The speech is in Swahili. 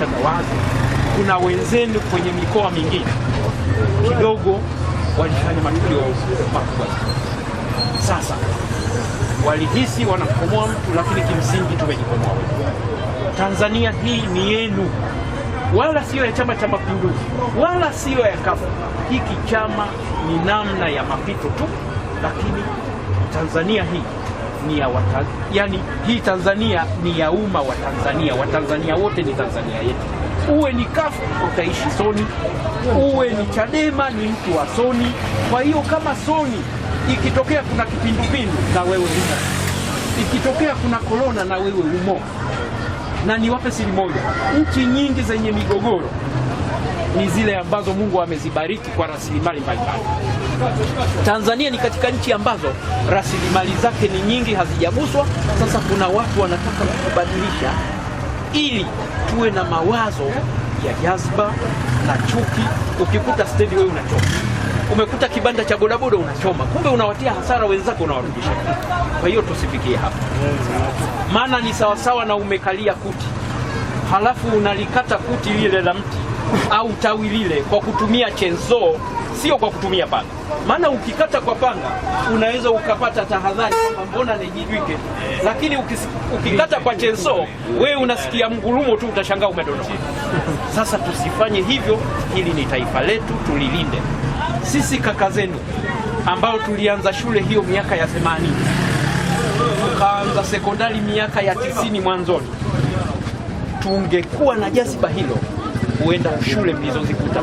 za wazi. Kuna wenzenu kwenye mikoa mingine kidogo walifanya matukio makubwa. Sasa walihisi wanakomoa mtu, lakini kimsingi tumejikomoa. Tanzania hii ni yenu, wala siyo ya Chama cha Mapinduzi, wala siyo ya kafu. Hiki chama ni namna ya mapito tu, lakini Tanzania hii ni ya wata, yani hii Tanzania ni ya umma wa Tanzania, Watanzania wote ni Tanzania yetu. Uwe ni kafu utaishi Soni, uwe ni Chadema ni mtu wa Soni. Kwa hiyo kama Soni ikitokea kuna kipindupindu na wewe umo, ikitokea kuna korona na wewe umo. Na niwape siri moja, nchi nyingi zenye migogoro ni zile ambazo Mungu amezibariki kwa rasilimali mbalimbali. Tanzania ni katika nchi ambazo rasilimali zake ni nyingi, hazijaguswa. Sasa kuna watu wanataka kubadilisha ili tuwe na mawazo ya jazba na chuki. Ukikuta stendi wewe unachoma, umekuta kibanda cha bodaboda unachoma, kumbe unawatia hasara wenzako, unawarudisha. Kwa hiyo tusifikie hapa, maana ni sawasawa na umekalia kuti halafu unalikata kuti lile la mti au tawi lile kwa kutumia chenzoo, sio kwa kutumia panga. Maana ukikata kwa panga unaweza ukapata tahadhari kwamba mbona nijijwike, lakini ukikata kwa chenzo, wewe unasikia mgurumo tu, utashangaa umedondoka. Sasa tusifanye hivyo, hili ni taifa letu, tulilinde. Sisi kaka zenu ambao tulianza shule hiyo miaka ya 80 tukaanza sekondari miaka ya tisini mwanzoni, tungekuwa na jasiba hilo kuenda shule mlizozikuta